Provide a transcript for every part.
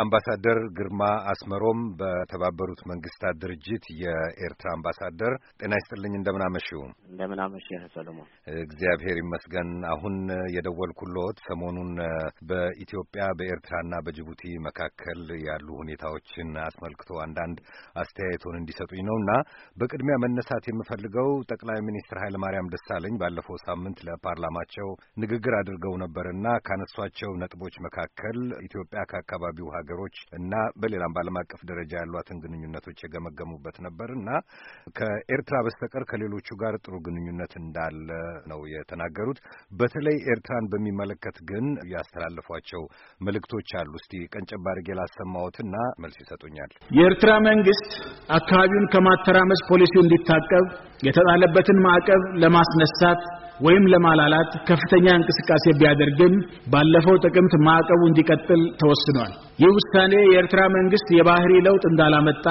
አምባሳደር ግርማ አስመሮም በተባበሩት መንግስታት ድርጅት የኤርትራ አምባሳደር፣ ጤና ይስጥልኝ። እንደምናመሽው እንደምናመሽህ ሰለሞን። እግዚአብሔር ይመስገን። አሁን የደወልኩልዎት ሰሞኑን በኢትዮጵያ በኤርትራና በጅቡቲ መካከል ያሉ ሁኔታዎችን አስመልክቶ አንዳንድ አስተያየቶን እንዲሰጡኝ ነው እና በቅድሚያ መነሳት የምፈልገው ጠቅላይ ሚኒስትር ኃይለማርያም ደሳለኝ ባለፈው ሳምንት ለፓርላማቸው ንግግር አድርገው ነበርና ካነሷቸው ነጥቦች መካከል ኢትዮጵያ ከአካባቢው ሀገሮች እና በሌላም በዓለም አቀፍ ደረጃ ያሏትን ግንኙነቶች የገመገሙበት ነበር እና ከኤርትራ በስተቀር ከሌሎቹ ጋር ጥሩ ግንኙነት እንዳለ ነው የተናገሩት። በተለይ ኤርትራን በሚመለከት ግን ያስተላለፏቸው መልእክቶች አሉ። እስቲ ቀንጨብ አድርጌ ላሰማዎትና መልስ ይሰጡኛል። የኤርትራ መንግስት አካባቢውን ከማተራመስ ፖሊሲው እንዲታቀብ የተጣለበትን ማዕቀብ ለማስነሳት ወይም ለማላላት ከፍተኛ እንቅስቃሴ ቢያደርግም ባለፈው ጥቅምት ማዕቀቡ እንዲቀጥል ተወስኗል። ይህ ውሳኔ የኤርትራ መንግስት የባህሪ ለውጥ እንዳላመጣ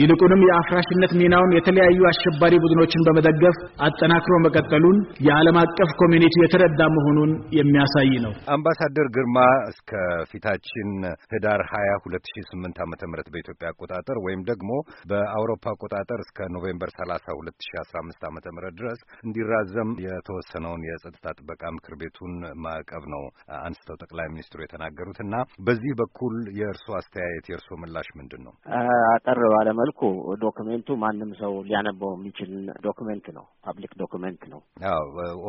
ይልቁንም የአፍራሽነት ሚናውን የተለያዩ አሸባሪ ቡድኖችን በመደገፍ አጠናክሮ መቀጠሉን የዓለም አቀፍ ኮሚኒቲ የተረዳ መሆኑን የሚያሳይ ነው። አምባሳደር ግርማ እስከ ፊታችን ህዳር 20 2008 ዓ.ም በኢትዮጵያ አቆጣጠር ወይም ደግሞ በአውሮፓ አቆጣጠር እስከ ኖቬምበር 30 2015 ዓ.ም ድረስ እንዲራዘም የተወሰነውን የጸጥታ ጥበቃ ምክር ቤቱን ማዕቀብ ነው አንስተው ጠቅላይ ሚኒስትሩ የተናገሩት እና በዚህ በኩል የእርሱ አስተያየት የእርሱ ምላሽ ምንድን ነው? አጠር መልኩ ዶክሜንቱ ማንም ሰው ሊያነበው የሚችል ዶክሜንት ነው፣ ፓብሊክ ዶክሜንት ነው።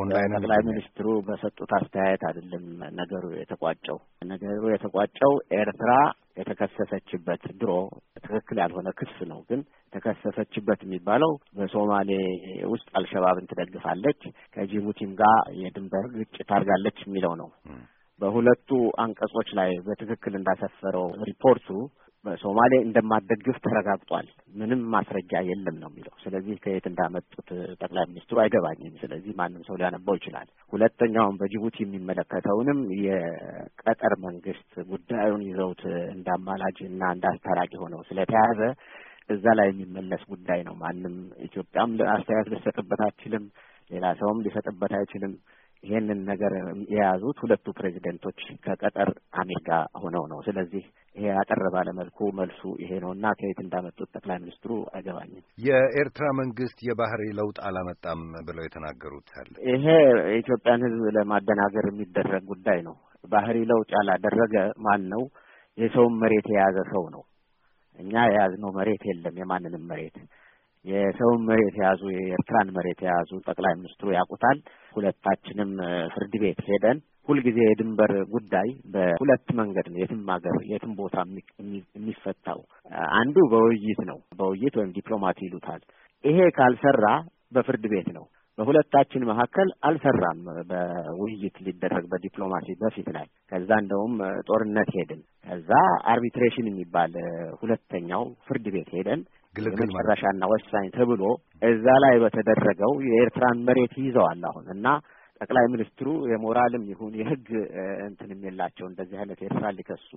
ኦንላይን ጠቅላይ ሚኒስትሩ በሰጡት አስተያየት አይደለም ነገሩ የተቋጨው። ነገሩ የተቋጨው ኤርትራ የተከሰሰችበት ድሮ ትክክል ያልሆነ ክስ ነው። ግን የተከሰሰችበት የሚባለው በሶማሌ ውስጥ አልሸባብን ትደግፋለች ከጅቡቲም ጋር የድንበር ግጭት አድርጋለች የሚለው ነው። በሁለቱ አንቀጾች ላይ በትክክል እንዳሰፈረው ሪፖርቱ በሶማሌ እንደማደግፍ ተረጋግጧል፣ ምንም ማስረጃ የለም ነው የሚለው። ስለዚህ ከየት እንዳመጡት ጠቅላይ ሚኒስትሩ አይገባኝም። ስለዚህ ማንም ሰው ሊያነባው ይችላል። ሁለተኛውም በጅቡቲ የሚመለከተውንም የቀጠር መንግስት ጉዳዩን ይዘውት እንዳማላጅ እና እንዳስታራቂ ሆነው ስለተያዘ እዛ ላይ የሚመለስ ጉዳይ ነው። ማንም ኢትዮጵያም አስተያየት ልሰጥበት አትችልም፣ ሌላ ሰውም ሊሰጥበት አይችልም። ይህንን ነገር የያዙት ሁለቱ ፕሬዚደንቶች ከቀጠር አሜሪካ ሆነው ነው። ስለዚህ ይሄ አጠር ባለ መልኩ መልሱ ይሄ ነው እና ከየት እንዳመጡት ጠቅላይ ሚኒስትሩ አይገባኝም። የኤርትራ መንግስት የባህሪ ለውጥ አላመጣም ብለው የተናገሩት አለ። ይሄ የኢትዮጵያን ሕዝብ ለማደናገር የሚደረግ ጉዳይ ነው። ባህሪ ለውጥ ያላደረገ ማን ነው? የሰውን መሬት የያዘ ሰው ነው። እኛ የያዝነው መሬት የለም፣ የማንንም መሬት የሰውን መሬት የያዙ የኤርትራን መሬት የያዙ ጠቅላይ ሚኒስትሩ ያውቁታል። ሁለታችንም ፍርድ ቤት ሄደን ሁልጊዜ የድንበር ጉዳይ በሁለት መንገድ ነው የትም ሀገር የትም ቦታ የሚፈታው። አንዱ በውይይት ነው፣ በውይይት ወይም ዲፕሎማት ይሉታል። ይሄ ካልሰራ በፍርድ ቤት ነው። በሁለታችን መካከል አልሰራም። በውይይት ሊደረግ በዲፕሎማሲ በፊት ላይ ከዛ እንደውም ጦርነት ሄድን። ከዛ አርቢትሬሽን የሚባል ሁለተኛው ፍርድ ቤት ሄደን ግልግል ወሳኝ ተብሎ እዛ ላይ በተደረገው የኤርትራን መሬት ይዘዋል አሁን እና ጠቅላይ ሚኒስትሩ የሞራልም ይሁን የህግ እንትን የሚላቸው እንደዚህ አይነት ኤርትራ ሊከሱ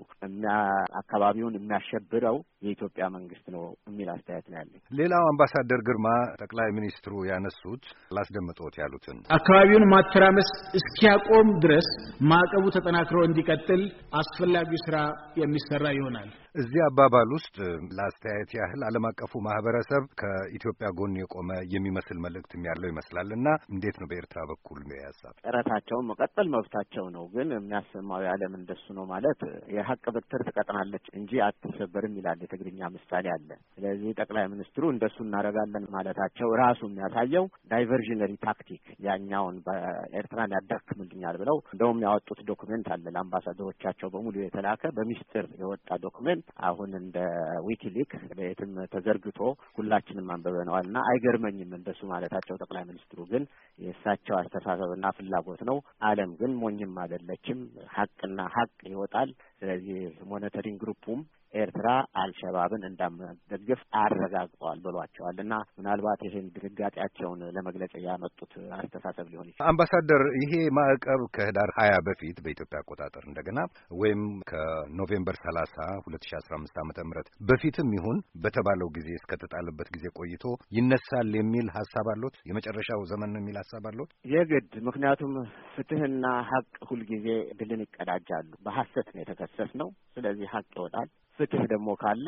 አካባቢውን የሚያሸብረው የኢትዮጵያ መንግስት ነው የሚል አስተያየት ነው ያለኝ። ሌላው አምባሳደር ግርማ ጠቅላይ ሚኒስትሩ ያነሱት ላስደምጦት ያሉትን አካባቢውን ማተራመስ እስኪያቆም ድረስ ማዕቀቡ ተጠናክሮ እንዲቀጥል አስፈላጊው ስራ የሚሰራ ይሆናል። እዚህ አባባል ውስጥ ለአስተያየት ያህል ዓለም አቀፉ ማህበረሰብ ከኢትዮጵያ ጎን የቆመ የሚመስል መልእክትም ያለው ይመስላል እና እንዴት ነው በኤርትራ በኩል ያሳብ ጥረታቸውን መቀጠል መብታቸው ነው። ግን የሚያሰማው የዓለም እንደሱ ነው ማለት የሀቅ ብትር ትቀጥናለች እንጂ አትሰበርም ይላል የትግርኛ ምሳሌ አለ። ስለዚህ ጠቅላይ ሚኒስትሩ እንደሱ እናደርጋለን ማለታቸው ራሱ የሚያሳየው ዳይቨርዥነሪ ታክቲክ ያኛውን በኤርትራን ያዳክምልኛል ብለው እንደውም ያወጡት ዶኩሜንት አለ ለአምባሳደሮቻቸው በሙሉ የተላከ በሚስጥር የወጣ ዶኩሜንት አሁን እንደ ዊኪሊክ በየትም ተዘርግቶ ሁላችንም አንበበነዋል እና አይገርመኝም እንደሱ ማለታቸው። ጠቅላይ ሚኒስትሩ ግን የእሳቸው አስተሳሰብና ፍላጎት ነው። ዓለም ግን ሞኝም አይደለችም። ሀቅና ሀቅ ይወጣል። ስለዚህ ሞኒተሪንግ ግሩፑም ኤርትራ አልሸባብን እንዳመደገፍ አረጋግጠዋል ብሏቸዋል። እና ምናልባት ይህን ድንጋጤያቸውን ለመግለጽ ያመጡት አስተሳሰብ ሊሆን ይችላል። አምባሳደር፣ ይሄ ማዕቀብ ከህዳር ሀያ በፊት በኢትዮጵያ አቆጣጠር እንደገና ወይም ከኖቬምበር ሰላሳ ሁለት ሺ አስራ አምስት ዓመተ ምህረት በፊትም ይሁን በተባለው ጊዜ እስከተጣለበት ጊዜ ቆይቶ ይነሳል የሚል ሀሳብ አሎት? የመጨረሻው ዘመን ነው የሚል ሀሳብ አሎት? የግድ ምክንያቱም ፍትህና ሀቅ ሁልጊዜ ድልን ይቀዳጃሉ። በሀሰት ነው የተከሰስ ነው። ስለዚህ ሀቅ ይወጣል። ፍትህ ደግሞ ካለ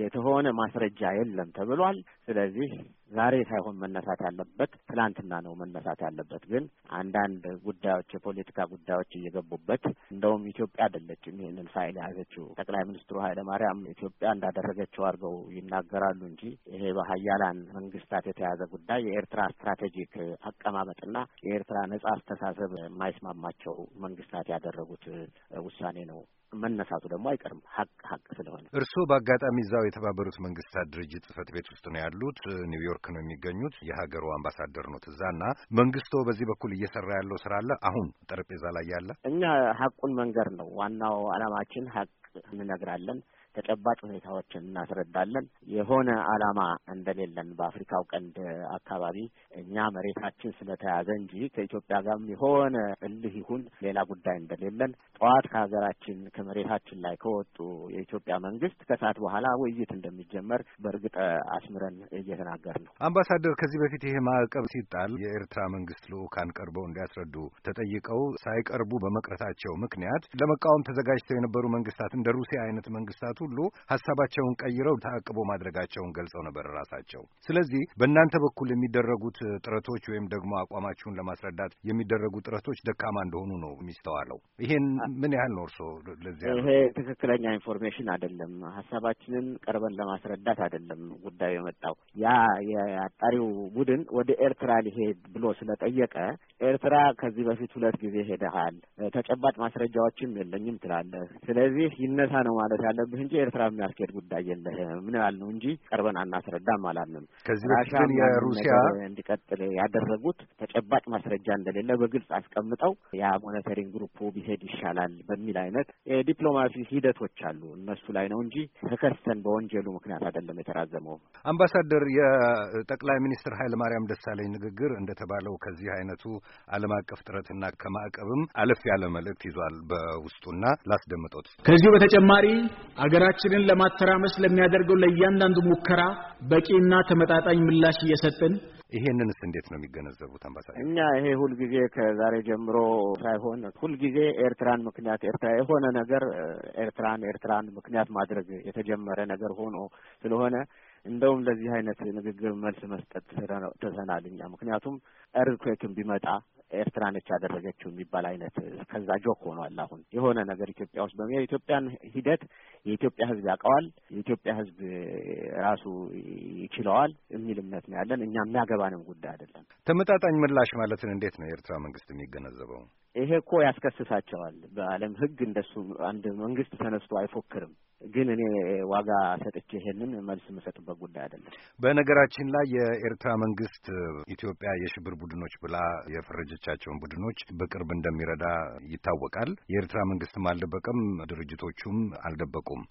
የተሆነ ማስረጃ የለም ተብሏል። ስለዚህ ዛሬ ሳይሆን መነሳት ያለበት ትላንትና ነው መነሳት ያለበት። ግን አንዳንድ ጉዳዮች የፖለቲካ ጉዳዮች እየገቡበት እንደውም ኢትዮጵያ አይደለችም ይህንን ፋይል የያዘችው ጠቅላይ ሚኒስትሩ ኃይለ ማርያም ኢትዮጵያ እንዳደረገችው አድርገው ይናገራሉ እንጂ ይሄ በሀያላን መንግስታት የተያዘ ጉዳይ የኤርትራ ስትራቴጂክ አቀማመጥና የኤርትራ ነጻ አስተሳሰብ የማይስማማቸው መንግስታት ያደረጉት ውሳኔ ነው መነሳቱ ደግሞ አይቀርም ሀቅ ሀቅ ስለሆነ። እርስዎ በአጋጣሚ እዛው የተባበሩት መንግስታት ድርጅት ጽህፈት ቤት ውስጥ ነው ያሉት፣ ኒውዮርክ ነው የሚገኙት፣ የሀገሩ አምባሳደር ነው። እዛ እና መንግስቶ በዚህ በኩል እየሰራ ያለው ስራ አለ አሁን ጠረጴዛ ላይ ያለ። እኛ ሀቁን መንገር ነው ዋናው አላማችን፣ ሀቅ እንነግራለን። ተጨባጭ ሁኔታዎችን እናስረዳለን። የሆነ ዓላማ እንደሌለን በአፍሪካው ቀንድ አካባቢ እኛ መሬታችን ስለተያዘ እንጂ ከኢትዮጵያ ጋርም የሆነ እልህ ይሁን ሌላ ጉዳይ እንደሌለን ጠዋት ከሀገራችን ከመሬታችን ላይ ከወጡ የኢትዮጵያ መንግስት ከሰዓት በኋላ ውይይት እንደሚጀመር በእርግጥ አስምረን እየተናገር ነው። አምባሳደር፣ ከዚህ በፊት ይሄ ማዕቀብ ሲጣል የኤርትራ መንግስት ልኡካን ቀርበው እንዲያስረዱ ተጠይቀው ሳይቀርቡ በመቅረታቸው ምክንያት ለመቃወም ተዘጋጅተው የነበሩ መንግስታት እንደ ሩሲያ አይነት መንግስታቱ ሁሉ ሀሳባቸውን ቀይረው ተአቅቦ ማድረጋቸውን ገልጸው ነበር ራሳቸው። ስለዚህ በእናንተ በኩል የሚደረጉት ጥረቶች ወይም ደግሞ አቋማችሁን ለማስረዳት የሚደረጉ ጥረቶች ደካማ እንደሆኑ ነው የሚስተዋለው። ይሄን ምን ያህል ነው እርስዎ ለዚህ ይሄ ትክክለኛ ኢንፎርሜሽን አይደለም፣ ሀሳባችንን ቀርበን ለማስረዳት አይደለም ጉዳዩ የመጣው ያ የአጣሪው ቡድን ወደ ኤርትራ ሊሄድ ብሎ ስለጠየቀ ኤርትራ ከዚህ በፊት ሁለት ጊዜ ሄደሃል፣ ተጨባጭ ማስረጃዎችም የለኝም ትላለህ። ስለዚህ ይነሳ ነው ማለት ያለብህ እንጂ ኤርትራ የሚያስኬድ ጉዳይ የለህም ነው እንጂ ቀርበን አናስረዳም አላልንም። ከዚህ በፊት ግን የሩሲያ እንዲቀጥል ያደረጉት ተጨባጭ ማስረጃ እንደሌለ በግልጽ አስቀምጠው ያ ሞኒተሪንግ ግሩፑ ቢሄድ ይሻላል በሚል አይነት የዲፕሎማሲ ሂደቶች አሉ። እነሱ ላይ ነው እንጂ ተከስተን በወንጀሉ ምክንያት አይደለም የተራዘመው። አምባሳደር፣ የጠቅላይ ሚኒስትር ኃይለማርያም ማርያም ደሳለኝ ንግግር እንደተባለው ከዚህ አይነቱ ዓለም አቀፍ ጥረትና ከማዕቀብም አለፍ ያለ መልእክት ይዟል በውስጡና ላስደምጦት ከዚሁ በተጨማሪ አገራችንን ለማተራመስ ለሚያደርገው ለእያንዳንዱ ሙከራ በቂና ተመጣጣኝ ምላሽ እየሰጥን ይሄንንስ እንዴት ነው የሚገነዘቡት አምባሳደር? እኛ ይሄ ሁልጊዜ ከዛሬ ጀምሮ ሳይሆን ሁልጊዜ ኤርትራን ምክንያት ኤርትራ የሆነ ነገር ኤርትራን ኤርትራን ምክንያት ማድረግ የተጀመረ ነገር ሆኖ ስለሆነ እንደውም ለዚህ አይነት ንግግር መልስ መስጠት ተሰናል እኛ ምክንያቱም እርኩክም ቢመጣ ኤርትራ ነች ያደረገችው የሚባል አይነት ከዛ ጆክ ሆኗል። አሁን የሆነ ነገር ኢትዮጵያ ውስጥ በሚሄድ ኢትዮጵያን ሂደት የኢትዮጵያ ሕዝብ ያውቀዋል፣ የኢትዮጵያ ሕዝብ ራሱ ይችለዋል የሚል እምነት ነው ያለን። እኛ የሚያገባንም ጉዳይ አይደለም። ተመጣጣኝ ምላሽ ማለትን እንዴት ነው የኤርትራ መንግስት የሚገነዘበው? ይሄ እኮ ያስከስሳቸዋል። በዓለም ሕግ እንደሱ አንድ መንግስት ተነስቶ አይፎክርም። ግን እኔ ዋጋ ሰጥቼ ይሄንን መልስ የምሰጥበት ጉዳይ አይደለም። በነገራችን ላይ የኤርትራ መንግስት ኢትዮጵያ የሽብር ቡድኖች ብላ የፈረጀቻቸውን ቡድኖች በቅርብ እንደሚረዳ ይታወቃል። የኤርትራ መንግስትም አልደበቀም፣ ድርጅቶቹም አልደበቁም።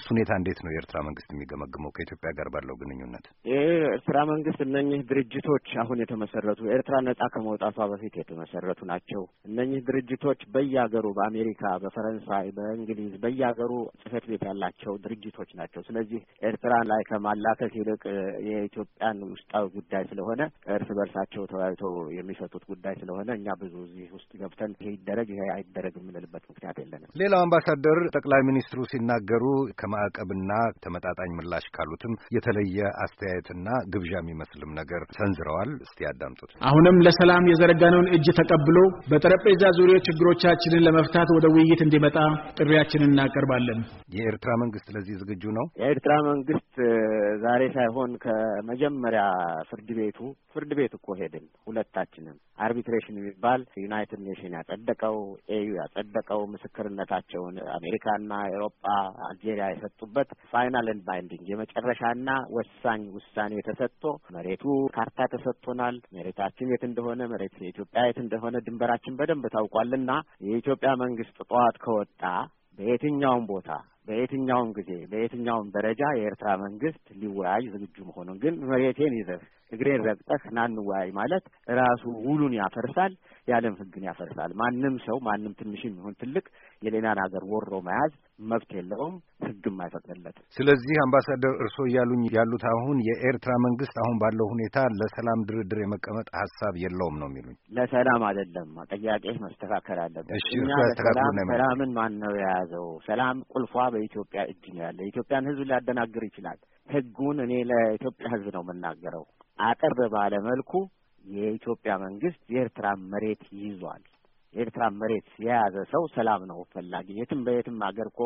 እሱ ሁኔታ እንዴት ነው የኤርትራ መንግስት የሚገመግመው ከኢትዮጵያ ጋር ባለው ግንኙነት? የኤርትራ መንግስት እነኚህ ድርጅቶች አሁን የተመሰረቱ ኤርትራ ነጻ ከመውጣቷ በፊት የተመሰረቱ ናቸው። እነኚህ ድርጅቶች በየሀገሩ በአሜሪካ፣ በፈረንሳይ፣ በእንግሊዝ በየሀገሩ ጽህፈት ቤት ያላቸው ድርጅቶች ናቸው። ስለዚህ ኤርትራ ላይ ከማላከት ይልቅ የኢትዮጵያን ውስጣዊ ጉዳይ ስለሆነ እርስ በርሳቸው ተወያይተው የሚፈቱት ጉዳይ ስለሆነ እኛ ብዙ እዚህ ውስጥ ገብተን ይሄ ይደረግ ይሄ አይደረግ የምንልበት ምክንያት የለንም። ሌላው አምባሳደር ጠቅላይ ሚኒስትሩ ሲናገሩ ከማዕቀብና ተመጣጣኝ ምላሽ ካሉትም የተለየ አስተያየትና ግብዣ የሚመስልም ነገር ሰንዝረዋል። እስቲ ያዳምጡት። አሁንም ለሰላም የዘረጋነውን እጅ ተቀብሎ በጠረጴዛ ዙሪያ ችግሮቻችንን ለመፍታት ወደ ውይይት እንዲመጣ ጥሪያችንን እናቀርባለን። የኤርትራ መንግስት ለዚህ ዝግጁ ነው? የኤርትራ መንግስት ዛሬ ሳይሆን ከመጀመሪያ ፍርድ ቤቱ ፍርድ ቤት እኮ ሄድን ሁለታችንም። አርቢትሬሽን የሚባል ዩናይትድ ኔሽን ያጸደቀው ኤዩ ያጸደቀው ምስክርነታቸውን አሜሪካና ኤሮጳ፣ አልጄሪያ የሰጡበት ፋይናል ኤንድ ባይንዲንግ የመጨረሻና ወሳኝ ውሳኔ ተሰጥቶ መሬቱ ካርታ ተሰጥቶናል። መሬታችን የት እንደሆነ መሬት የኢትዮጵያ የት እንደሆነ ድንበራችን በደንብ ታውቋልና የኢትዮጵያ መንግስት ጠዋት ከወጣ በየትኛውም ቦታ በየትኛውም ጊዜ በየትኛውም ደረጃ የኤርትራ መንግስት ሊወያይ ዝግጁ መሆኑን ግን መሬቴን ይዘህ እግሬን ረግጠህ ና እንወያይ ማለት ራሱ ውሉን ያፈርሳል፣ የዓለም ሕግን ያፈርሳል። ማንም ሰው ማንም ትንሽም ይሁን ትልቅ የሌላን ሀገር ወሮ መያዝ መብት የለውም፣ ሕግም አይፈቅድለትም። ስለዚህ አምባሳደር እርስዎ እያሉኝ ያሉት አሁን የኤርትራ መንግስት አሁን ባለው ሁኔታ ለሰላም ድርድር የመቀመጥ ሀሳብ የለውም ነው የሚሉኝ። ለሰላም አይደለም ጥያቄ መስተካከል አለበት። ሰላምን ማን ነው የያዘው? ሰላም ቁልፏ በኢትዮጵያ እጅ ነው ያለ። የኢትዮጵያን ሕዝብ ሊያደናግር ይችላል። ሕጉን እኔ ለኢትዮጵያ ሕዝብ ነው የምናገረው። አጠር ባለ መልኩ የኢትዮጵያ መንግስት የኤርትራ መሬት ይዟል። የኤርትራ መሬት የያዘ ሰው ሰላም ነው ፈላጊ። የትም በየትም ሀገር እኮ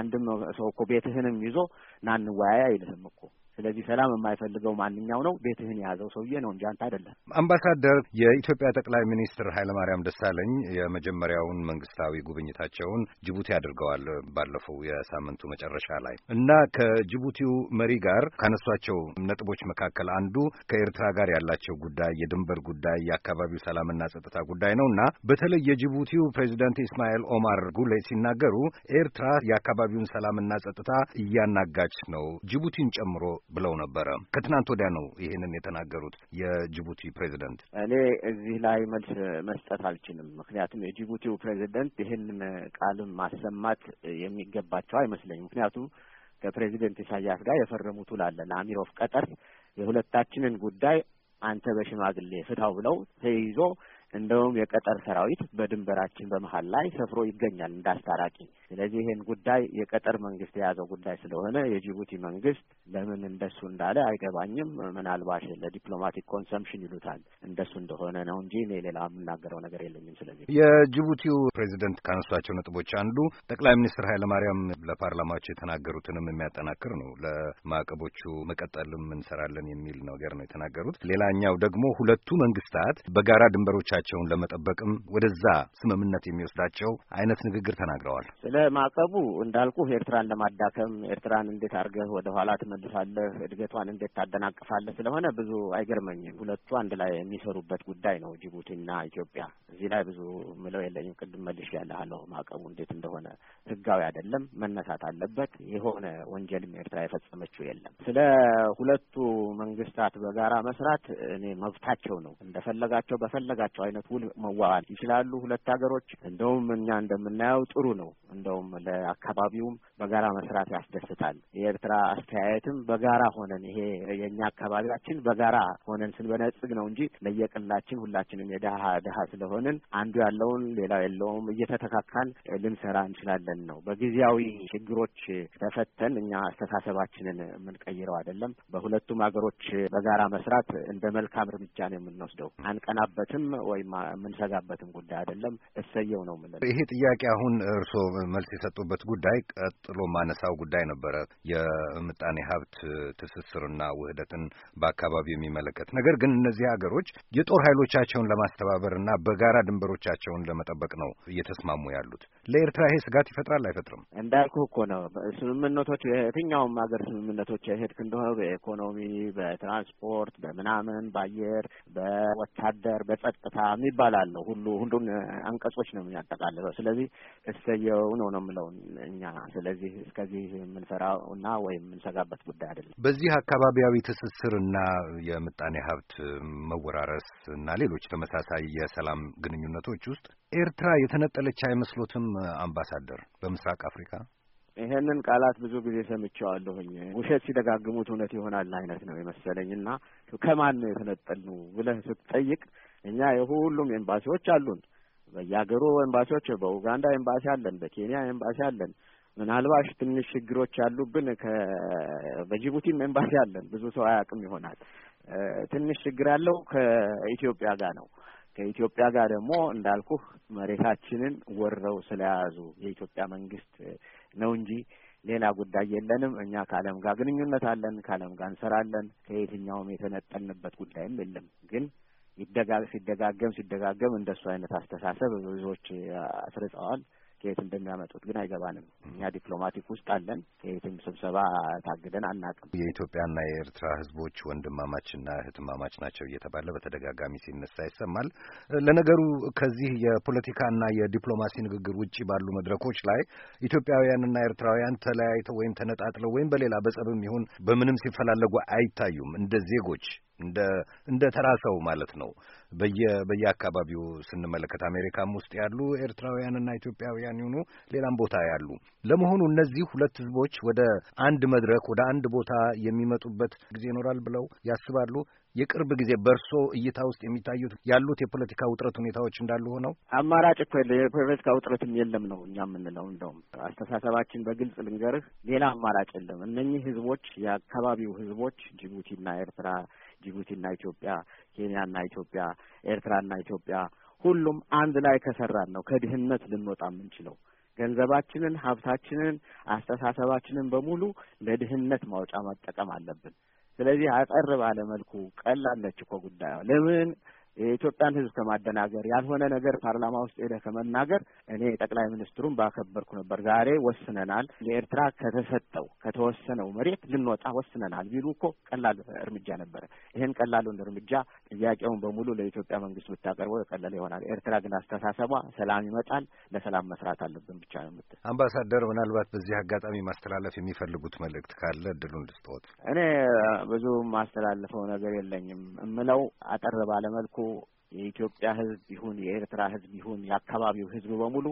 አንድም ሰው እኮ ቤትህንም ይዞ ና እንወያይ አይልህም እኮ ስለዚህ ሰላም የማይፈልገው ማንኛው ነው ቤትህን የያዘው ሰውዬ ነው እንጂ አንተ አይደለም። አምባሳደር፣ የኢትዮጵያ ጠቅላይ ሚኒስትር ኃይለማርያም ደሳለኝ የመጀመሪያውን መንግስታዊ ጉብኝታቸውን ጅቡቲ አድርገዋል ባለፈው የሳምንቱ መጨረሻ ላይ እና ከጅቡቲው መሪ ጋር ካነሷቸው ነጥቦች መካከል አንዱ ከኤርትራ ጋር ያላቸው ጉዳይ፣ የድንበር ጉዳይ፣ የአካባቢው ሰላምና ጸጥታ ጉዳይ ነው እና በተለይ የጅቡቲው ፕሬዚዳንት ኢስማኤል ኦማር ጉሌ ሲናገሩ ኤርትራ የአካባቢውን ሰላምና ጸጥታ እያናጋች ነው ጅቡቲን ጨምሮ ብለው ነበረ። ከትናንት ወዲያ ነው ይህንን የተናገሩት የጅቡቲ ፕሬዚደንት። እኔ እዚህ ላይ መልስ መስጠት አልችልም፣ ምክንያቱም የጅቡቲው ፕሬዚደንት ይህንን ቃልም ማሰማት የሚገባቸው አይመስለኝም። ምክንያቱም ከፕሬዚደንት ኢሳያስ ጋር የፈረሙት ውል አለ ለአሚር ኦፍ ቀጠር የሁለታችንን ጉዳይ አንተ በሽማግሌ ፍታው ብለው ተይዞ እንደውም የቀጠር ሰራዊት በድንበራችን በመሀል ላይ ሰፍሮ ይገኛል እንዳስታራቂ። ስለዚህ ይሄን ጉዳይ የቀጠር መንግስት የያዘው ጉዳይ ስለሆነ የጅቡቲ መንግስት ለምን እንደሱ እንዳለ አይገባኝም። ምናልባት ለዲፕሎማቲክ ኮንሰምፕሽን ይሉታል እንደሱ እንደሆነ ነው እንጂ እኔ ሌላ የምናገረው ነገር የለኝም። ስለዚህ የጅቡቲው ፕሬዚደንት ካነሷቸው ነጥቦች አንዱ ጠቅላይ ሚኒስትር ኃይለማርያም ለፓርላማቸው የተናገሩትንም የሚያጠናክር ነው። ለማዕቀቦቹ መቀጠልም እንሰራለን የሚል ነገር ነው የተናገሩት። ሌላኛው ደግሞ ሁለቱ መንግስታት በጋራ ድንበሮች ። ደህንነታቸውን ለመጠበቅም ወደዛ ስምምነት የሚወስዳቸው አይነት ንግግር ተናግረዋል። ስለ ማዕቀቡ እንዳልኩ ኤርትራን ለማዳከም ኤርትራን እንዴት አድርገህ ወደ ኋላ ትመልሳለህ፣ እድገቷን እንዴት ታደናቅፋለህ ስለሆነ ብዙ አይገርመኝም። ሁለቱ አንድ ላይ የሚሰሩበት ጉዳይ ነው ጅቡቲና ኢትዮጵያ። እዚህ ላይ ብዙ ምለው የለኝም። ቅድም መልሽ ያለሃለሁ ማዕቀቡ እንዴት እንደሆነ ህጋዊ አይደለም፣ መነሳት አለበት። የሆነ ወንጀልም ኤርትራ የፈጸመችው የለም። ስለ ሁለቱ መንግስታት በጋራ መስራት እኔ መብታቸው ነው። እንደፈለጋቸው በፈለጋቸው አይነት ውል መዋዋል ይችላሉ ሁለት ሀገሮች። እንደውም እኛ እንደምናየው ጥሩ ነው። እንደውም ለአካባቢውም በጋራ መስራት ያስደስታል። የኤርትራ አስተያየትም በጋራ ሆነን ይሄ የእኛ አካባቢያችን በጋራ ሆነን ስንበነጽግ ነው እንጂ ለየቅላችን ሁላችንም የድሀ ድሀ ስለሆንን አንዱ ያለውን ሌላው የለውም እየተተካካን ልንሰራ እንችላለን ነው። በጊዜያዊ ችግሮች ተፈተን እኛ አስተሳሰባችንን የምንቀይረው አይደለም። በሁለቱም ሀገሮች በጋራ መስራት እንደ መልካም እርምጃ ነው የምንወስደው። አንቀናበትም ወይም የምንሰጋበትም ጉዳይ አይደለም። እሰየው ነው ምን ይሄ ጥያቄ አሁን እርስዎ መልስ የሰጡበት ጉዳይ ቀጥሎ ማነሳው ጉዳይ ነበረ፣ የምጣኔ ሀብት ትስስርና ውህደትን በአካባቢው የሚመለከት ነገር ግን እነዚህ ሀገሮች የጦር ኃይሎቻቸውን ለማስተባበርና በጋራ ድንበሮቻቸውን ለመጠበቅ ነው እየተስማሙ ያሉት። ለኤርትራ ይሄ ስጋት ይፈጥራል አይፈጥርም? እንዳልኩ እኮ ነው ስምምነቶች የትኛውም ሀገር ስምምነቶች የሄድክ እንደሆነ በኢኮኖሚ፣ በትራንስፖርት፣ በምናምን፣ በአየር፣ በወታደር፣ በጸጥታ የሚባል አለው። ሁሉ ሁሉን አንቀጾች ነው የሚያጠቃልለው። ስለዚህ እሰየው ነው ነው የምለው እኛ። ስለዚህ እስከዚህ የምንፈራው ወይም የምንሰጋበት ጉዳይ አይደለም። በዚህ አካባቢያዊ ትስስር የምጣኔ ሀብት መወራረስ እና ሌሎች ተመሳሳይ የሰላም ግንኙነቶች ውስጥ ኤርትራ የተነጠለች አይመስሎትም አምባሳደር? በምስራቅ አፍሪካ ይሄንን ቃላት ብዙ ጊዜ ሰምቼዋለሁኝ። ውሸት ሲደጋግሙት እውነት ይሆናል አይነት ነው የመሰለኝ እና ከማን ነው የተነጠልነው ብለህ ስትጠይቅ እኛ የሁሉም ኤምባሲዎች አሉን። በየሀገሩ ኤምባሲዎች፣ በኡጋንዳ ኤምባሲ አለን፣ በኬንያ ኤምባሲ አለን። ምናልባሽ ትንሽ ችግሮች ያሉብን በጅቡቲም ኤምባሲ አለን። ብዙ ሰው አያውቅም ይሆናል። ትንሽ ችግር ያለው ከኢትዮጵያ ጋር ነው። ከኢትዮጵያ ጋር ደግሞ እንዳልኩህ መሬታችንን ወረው ስለያዙ የኢትዮጵያ መንግስት ነው እንጂ ሌላ ጉዳይ የለንም። እኛ ከዓለም ጋር ግንኙነት አለን፣ ከዓለም ጋር እንሰራለን። ከየትኛውም የተነጠልንበት ጉዳይም የለም ግን ሲደጋገም ሲደጋገም እንደሱ አይነት አስተሳሰብ ብዙዎች አስርጸዋል። ከየት እንደሚያመጡት ግን አይገባንም። እኛ ዲፕሎማቲክ ውስጥ አለን። ከየትም ስብሰባ ታግደን አናቅም። የኢትዮጵያና የኤርትራ ሕዝቦች ወንድማማችና እህትማማች ናቸው እየተባለ በተደጋጋሚ ሲነሳ ይሰማል። ለነገሩ ከዚህ የፖለቲካና የዲፕሎማሲ ንግግር ውጭ ባሉ መድረኮች ላይ ኢትዮጵያውያንና ኤርትራውያን ተለያይተው ወይም ተነጣጥለው ወይም በሌላ በጸብም ይሁን በምንም ሲፈላለጉ አይታዩም እንደ ዜጎች እንደ እንደ ተራ ሰው ማለት ነው። በየ በየአካባቢው ስንመለከት አሜሪካም ውስጥ ያሉ ኤርትራውያንና ኢትዮጵያውያን ይሁኑ ሌላም ቦታ ያሉ፣ ለመሆኑ እነዚህ ሁለት ህዝቦች ወደ አንድ መድረክ ወደ አንድ ቦታ የሚመጡበት ጊዜ ይኖራል ብለው ያስባሉ? የቅርብ ጊዜ በእርሶ እይታ ውስጥ የሚታዩት ያሉት የፖለቲካ ውጥረት ሁኔታዎች እንዳሉ ሆነው አማራጭ እኮ የለ የፖለቲካ ውጥረትም የለም ነው እኛ የምንለው። እንደውም አስተሳሰባችን በግልጽ ልንገርህ፣ ሌላ አማራጭ የለም። እነኚህ ህዝቦች የአካባቢው ህዝቦች ጅቡቲና ኤርትራ ጅቡቲና ኢትዮጵያ፣ ኬንያና ኢትዮጵያ፣ ኤርትራና ኢትዮጵያ ሁሉም አንድ ላይ ከሰራን ነው ከድህነት ልንወጣ የምንችለው። ገንዘባችንን፣ ሀብታችንን፣ አስተሳሰባችንን በሙሉ ለድህነት ማውጫ መጠቀም አለብን። ስለዚህ አጠር ባለ መልኩ ቀላለች እኮ ጉዳዩ ለምን የኢትዮጵያን ሕዝብ ከማደናገር ያልሆነ ነገር ፓርላማ ውስጥ ሄደ ከመናገር እኔ ጠቅላይ ሚኒስትሩን ባከበርኩ ነበር። ዛሬ ወስነናል፣ ለኤርትራ ከተሰጠው ከተወሰነው መሬት ልንወጣ ወስነናል ቢሉ እኮ ቀላል እርምጃ ነበረ። ይህን ቀላሉን እርምጃ ጥያቄውን በሙሉ ለኢትዮጵያ መንግስት ብታቀርበው የቀለለ ይሆናል። ኤርትራ ግን አስተሳሰቧ ሰላም ይመጣል፣ ለሰላም መስራት አለብን ብቻ ነው የምትል። አምባሳደር፣ ምናልባት በዚህ አጋጣሚ ማስተላለፍ የሚፈልጉት መልእክት ካለ እድሉን ልስጥዎት። እኔ ብዙ ማስተላለፈው ነገር የለኝም። እምለው አጠር ባለመልኩ የኢትዮጵያ ሕዝብ ይሁን የኤርትራ ሕዝብ ይሁን የአካባቢው ሕዝብ በሙሉ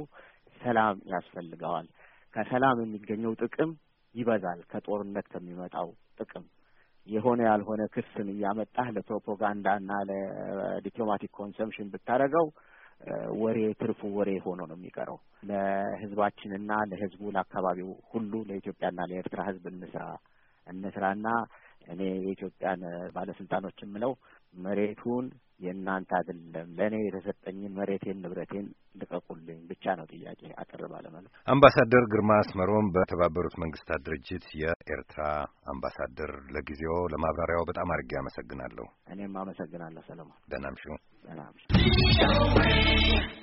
ሰላም ያስፈልገዋል። ከሰላም የሚገኘው ጥቅም ይበዛል ከጦርነት ከሚመጣው ጥቅም። የሆነ ያልሆነ ክስን እያመጣህ ለፕሮፓጋንዳና ለዲፕሎማቲክ ኮንሰምሽን ብታደርገው ወሬ ትርፉ ወሬ ሆኖ ነው የሚቀረው። ለህዝባችንና ለህዝቡ ለአካባቢው ሁሉ ለኢትዮጵያና ለኤርትራ ህዝብ እንስራ እንስራና እኔ የኢትዮጵያን ባለስልጣኖች የምለው መሬቱን የእናንተ አይደለም፣ ለእኔ የተሰጠኝን መሬቴን ንብረቴን ልቀቁልኝ ብቻ ነው ጥያቄ አጠር ባለመልኩ። አምባሳደር ግርማ አስመሮም በተባበሩት መንግስታት ድርጅት የኤርትራ አምባሳደር፣ ለጊዜው ለማብራሪያው በጣም አድርጌ አመሰግናለሁ። እኔም አመሰግናለሁ ሰለሞን። ደህና እምሹ።